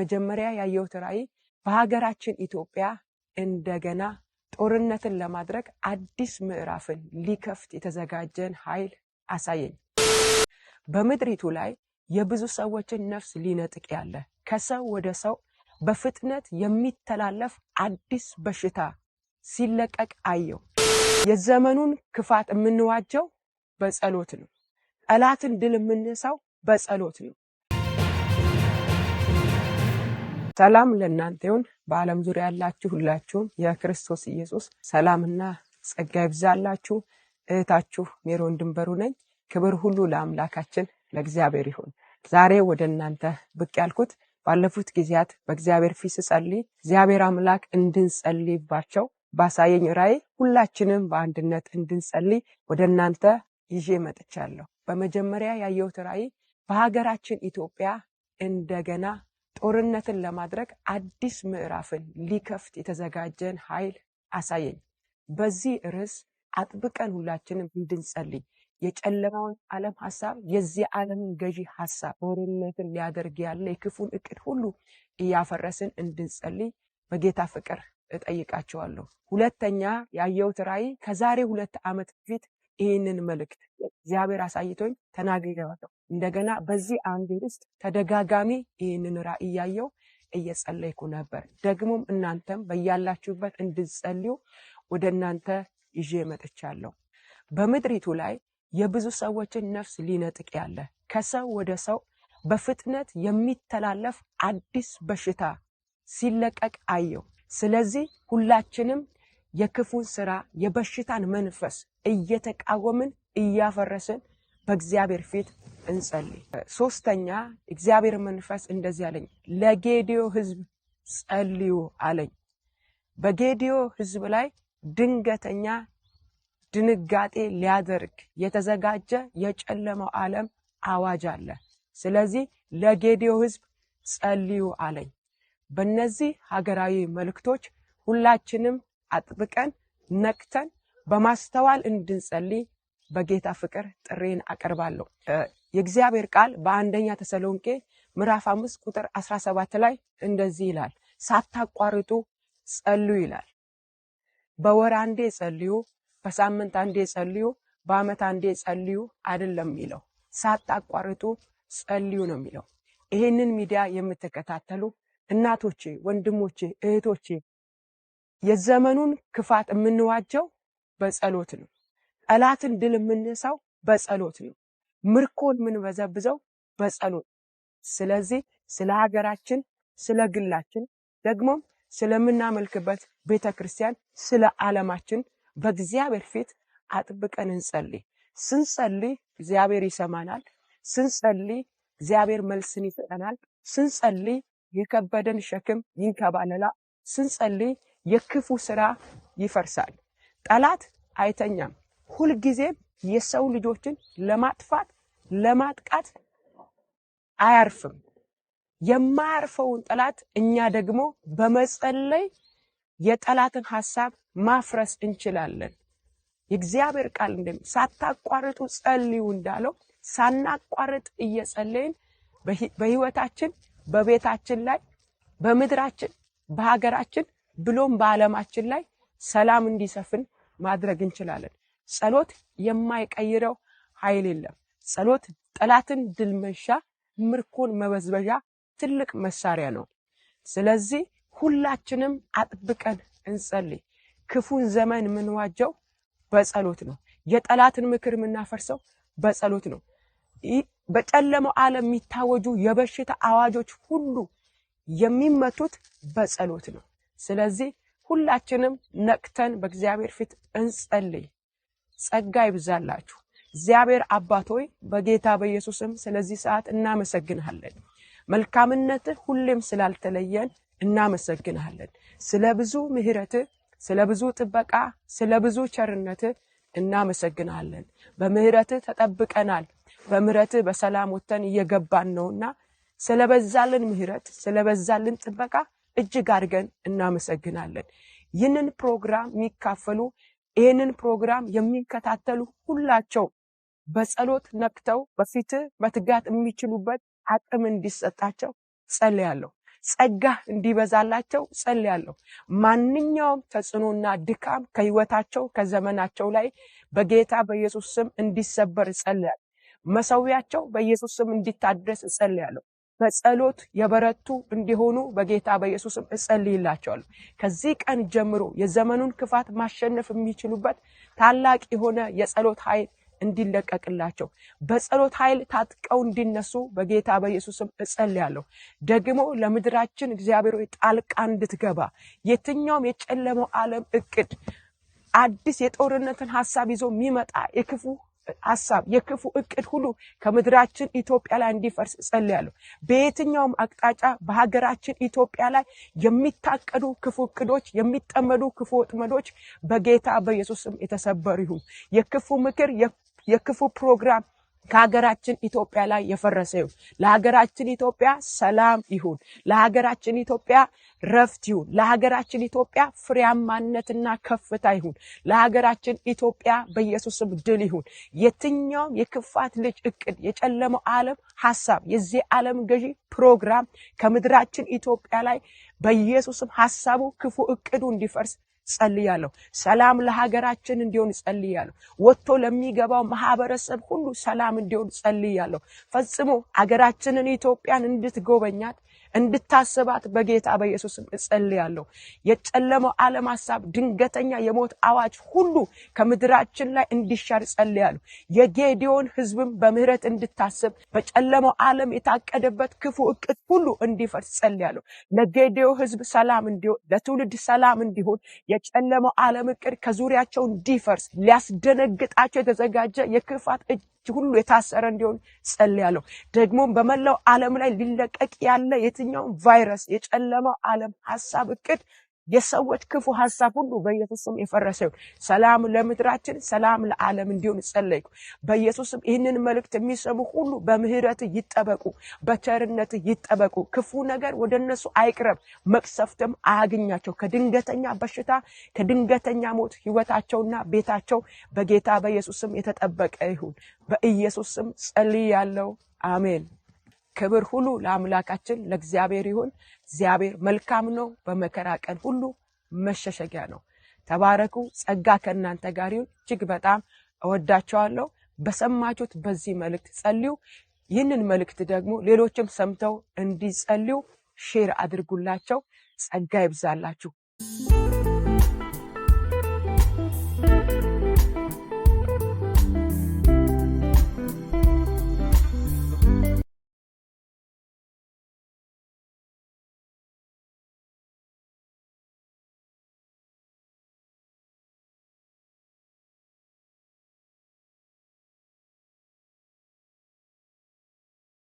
መጀመሪያ ያየሁት ራዕይ በሀገራችን ኢትዮጵያ እንደገና ጦርነትን ለማድረግ አዲስ ምዕራፍን ሊከፍት የተዘጋጀን ኃይል አሳየኝ። በምድሪቱ ላይ የብዙ ሰዎችን ነፍስ ሊነጥቅ ያለ ከሰው ወደ ሰው በፍጥነት የሚተላለፍ አዲስ በሽታ ሲለቀቅ አየው። የዘመኑን ክፋት የምንዋጀው በጸሎት ነው። ጠላትን ድል የምንሳው በጸሎት ነው። ሰላም ለእናንተ ይሁን። በዓለም ዙሪያ ያላችሁ ሁላችሁም የክርስቶስ ኢየሱስ ሰላምና ጸጋ ይብዛላችሁ። እህታችሁ ሜሮን ድንበሩ ነኝ። ክብር ሁሉ ለአምላካችን ለእግዚአብሔር ይሁን። ዛሬ ወደ እናንተ ብቅ ያልኩት ባለፉት ጊዜያት በእግዚአብሔር ፊት ስጸልይ እግዚአብሔር አምላክ እንድንጸልይባቸው ባሳየኝ ራእይ ሁላችንም በአንድነት እንድንጸልይ ወደ እናንተ ይዤ መጥቻለሁ። በመጀመሪያ ያየሁት ራእይ በሀገራችን ኢትዮጵያ እንደገና ጦርነትን ለማድረግ አዲስ ምዕራፍን ሊከፍት የተዘጋጀን ኃይል አሳየኝ። በዚህ ርዕስ አጥብቀን ሁላችንም እንድንጸልይ የጨለማውን ዓለም ሀሳብ የዚህ ዓለምን ገዢ ሀሳብ ጦርነትን ሊያደርግ ያለ የክፉን እቅድ ሁሉ እያፈረስን እንድንጸልይ በጌታ ፍቅር እጠይቃቸዋለሁ። ሁለተኛ ያየሁት ራእይ ከዛሬ ሁለት ዓመት በፊት ይህንን መልእክት እግዚአብሔር አሳይቶኝ ተናግሬዋለሁ። እንደገና በዚህ አንግል ውስጥ ተደጋጋሚ ይህንን ራእይ እያየሁ እየጸለይኩ ነበር። ደግሞም እናንተም በያላችሁበት እንድጸልዩ ወደ እናንተ ይዤ መጥቻለሁ። በምድሪቱ ላይ የብዙ ሰዎችን ነፍስ ሊነጥቅ ያለ ከሰው ወደ ሰው በፍጥነት የሚተላለፍ አዲስ በሽታ ሲለቀቅ አየው። ስለዚህ ሁላችንም የክፉን ስራ የበሽታን መንፈስ እየተቃወምን እያፈረስን በእግዚአብሔር ፊት እንጸልይ። ሶስተኛ እግዚአብሔር መንፈስ እንደዚህ አለኝ፣ ለጌዲዮ ህዝብ ጸልዩ አለኝ። በጌዲዮ ህዝብ ላይ ድንገተኛ ድንጋጤ ሊያደርግ የተዘጋጀ የጨለመው ዓለም አዋጅ አለ። ስለዚህ ለጌዲዮ ህዝብ ጸልዩ አለኝ። በእነዚህ ሀገራዊ መልእክቶች ሁላችንም አጥብቀን ነክተን በማስተዋል እንድንጸልይ በጌታ ፍቅር ጥሬን አቀርባለሁ። የእግዚአብሔር ቃል በአንደኛ ተሰሎንቄ ምዕራፍ አምስት ቁጥር 17 ላይ እንደዚህ ይላል፣ ሳታቋርጡ ጸልዩ ይላል። በወር አንዴ ጸልዩ፣ በሳምንት አንዴ ጸልዩ፣ በዓመት አንዴ ጸልዩ አይደለም የሚለው፣ ሳታቋርጡ ጸልዩ ነው የሚለው። ይህንን ሚዲያ የምትከታተሉ እናቶቼ፣ ወንድሞቼ፣ እህቶቼ የዘመኑን ክፋት የምንዋጀው በጸሎት ነው። ጠላትን ድል የምንሳው በጸሎት ነው። ምርኮን የምንበዘብዘው በጸሎት። ስለዚህ ስለ ሀገራችን፣ ስለ ግላችን፣ ደግሞም ስለምናመልክበት ቤተ ክርስቲያን፣ ስለ ዓለማችን በእግዚአብሔር ፊት አጥብቀን እንጸልይ። ስንጸልይ እግዚአብሔር ይሰማናል። ስንጸልይ እግዚአብሔር መልስን ይሰጠናል። ስንጸልይ የከበደን ሸክም ይንከባለላ። ስንጸልይ የክፉ ስራ ይፈርሳል። ጠላት አይተኛም። ሁልጊዜም የሰው ልጆችን ለማጥፋት ለማጥቃት አያርፍም። የማያርፈውን ጠላት እኛ ደግሞ በመጸለይ የጠላትን ሐሳብ ማፍረስ እንችላለን። የእግዚአብሔር ቃል እንደም ሳታቋርጡ ጸልዩ እንዳለው ሳናቋርጥ እየጸለይን በህይወታችን፣ በቤታችን ላይ፣ በምድራችን፣ በሀገራችን ብሎም በዓለማችን ላይ ሰላም እንዲሰፍን ማድረግ እንችላለን። ጸሎት የማይቀይረው ኃይል የለም። ጸሎት ጠላትን ድል መንሻ፣ ምርኮን መበዝበዣ ትልቅ መሳሪያ ነው። ስለዚህ ሁላችንም አጥብቀን እንጸልይ። ክፉን ዘመን የምንዋጀው በጸሎት ነው። የጠላትን ምክር የምናፈርሰው በጸሎት ነው። በጨለመው ዓለም የሚታወጁ የበሽታ አዋጆች ሁሉ የሚመቱት በጸሎት ነው። ስለዚህ ሁላችንም ነቅተን በእግዚአብሔር ፊት እንጸልይ። ጸጋ ይብዛላችሁ። እግዚአብሔር አባት ሆይ በጌታ በኢየሱስም ስለዚህ ሰዓት እናመሰግንሃለን። መልካምነትህ ሁሌም ስላልተለየን እናመሰግንሃለን። ስለ ብዙ ምሕረትህ፣ ስለ ብዙ ጥበቃ፣ ስለ ብዙ ቸርነትህ እናመሰግንሃለን። በምሕረትህ ተጠብቀናል። በምሕረትህ በሰላም ወጥተን እየገባን ነውና ስለበዛልን ምሕረት ስለበዛልን ጥበቃ እጅግ አድርገን እናመሰግናለን። ይህንን ፕሮግራም የሚካፈሉ ይህንን ፕሮግራም የሚከታተሉ ሁላቸው በጸሎት ነክተው በፊትህ መትጋት የሚችሉበት አቅም እንዲሰጣቸው ጸልያለሁ። ጸጋ እንዲበዛላቸው ጸልያለሁ። ማንኛውም ተጽዕኖና ድካም ከህይወታቸው ከዘመናቸው ላይ በጌታ በኢየሱስ ስም እንዲሰበር ጸልያለሁ። መሰዊያቸው በኢየሱስ ስም እንዲታደስ እጸልያለሁ። በጸሎት የበረቱ እንዲሆኑ በጌታ በኢየሱስም እጸልይላቸዋለሁ። ከዚህ ቀን ጀምሮ የዘመኑን ክፋት ማሸነፍ የሚችሉበት ታላቅ የሆነ የጸሎት ኃይል እንዲለቀቅላቸው በጸሎት ኃይል ታጥቀው እንዲነሱ በጌታ በኢየሱስም እጸልያለሁ። ደግሞ ለምድራችን እግዚአብሔር ጣልቃ እንድትገባ የትኛውም የጨለመው ዓለም እቅድ አዲስ የጦርነትን ሀሳብ ይዞ የሚመጣ የክፉ ሀሳብ የክፉ እቅድ ሁሉ ከምድራችን ኢትዮጵያ ላይ እንዲፈርስ ጸልያለሁ። በየትኛውም አቅጣጫ በሀገራችን ኢትዮጵያ ላይ የሚታቀዱ ክፉ እቅዶች፣ የሚጠመዱ ክፉ ወጥመዶች በጌታ በኢየሱስ ስም የተሰበሩ ይሁን። የክፉ ምክር፣ የክፉ ፕሮግራም ከሀገራችን ኢትዮጵያ ላይ የፈረሰ ይሁን። ለሀገራችን ኢትዮጵያ ሰላም ይሁን። ለሀገራችን ኢትዮጵያ ረፍት ይሁን። ለሀገራችን ኢትዮጵያ ፍሬያማነትና ከፍታ ይሁን። ለሀገራችን ኢትዮጵያ በኢየሱስም ድል ይሁን። የትኛውም የክፋት ልጅ እቅድ፣ የጨለመው ዓለም ሀሳብ፣ የዚህ ዓለም ገዢ ፕሮግራም ከምድራችን ኢትዮጵያ ላይ በኢየሱስም ሀሳቡ ክፉ እቅዱ እንዲፈርስ ጸልያለሁ። ሰላም ለሀገራችን እንዲሆን ጸልያለሁ። ወጥቶ ለሚገባው ማህበረሰብ ሁሉ ሰላም እንዲሆን ጸልያለሁ። ፈጽሞ ሀገራችንን ኢትዮጵያን እንድትጎበኛት እንድታስባት በጌታ በኢየሱስም እጸልያለሁ። የጨለመው ዓለም ሀሳብ፣ ድንገተኛ የሞት አዋጅ ሁሉ ከምድራችን ላይ እንዲሻር እጸልያለሁ። የጌዲዮን ህዝብም በምህረት እንድታስብ በጨለመው ዓለም የታቀደበት ክፉ እቅድ ሁሉ እንዲፈርስ እጸልያለሁ። ለጌዲዮ ህዝብ ሰላም እንዲሆን፣ ለትውልድ ሰላም እንዲሆን የጨለመው ዓለም እቅድ ከዙሪያቸው እንዲፈርስ ሊያስደነግጣቸው የተዘጋጀ የክፋት እጅ ሁሉ የታሰረ እንዲሆን ጸልያለሁ። ደግሞም በመላው ዓለም ላይ ሊለቀቅ ያለ የትኛው ቫይረስ፣ የጨለመው ዓለም ሀሳብ፣ እቅድ የሰዎች ክፉ ሀሳብ ሁሉ በኢየሱስም የፈረሰ ይሁን። ሰላም ለምድራችን፣ ሰላም ለዓለም እንዲሆን ጸለይኩ። በኢየሱስም ይህንን መልእክት የሚሰሙ ሁሉ በምህረት ይጠበቁ፣ በቸርነት ይጠበቁ። ክፉ ነገር ወደ እነሱ አይቅረብ፣ መቅሰፍትም አያግኛቸው። ከድንገተኛ በሽታ ከድንገተኛ ሞት ህይወታቸውና ቤታቸው በጌታ በኢየሱስም የተጠበቀ ይሁን። በኢየሱስም ስም ያለው አሜን። ክብር ሁሉ ለአምላካችን ለእግዚአብሔር ይሁን። እግዚአብሔር መልካም ነው፣ በመከራ ቀን ሁሉ መሸሸጊያ ነው። ተባረኩ። ጸጋ ከእናንተ ጋር ይሁን። እጅግ በጣም እወዳቸዋለሁ። በሰማችሁት በዚህ መልእክት ጸልዩ። ይህንን መልእክት ደግሞ ሌሎችም ሰምተው እንዲጸልዩ ሼር አድርጉላቸው። ጸጋ ይብዛላችሁ።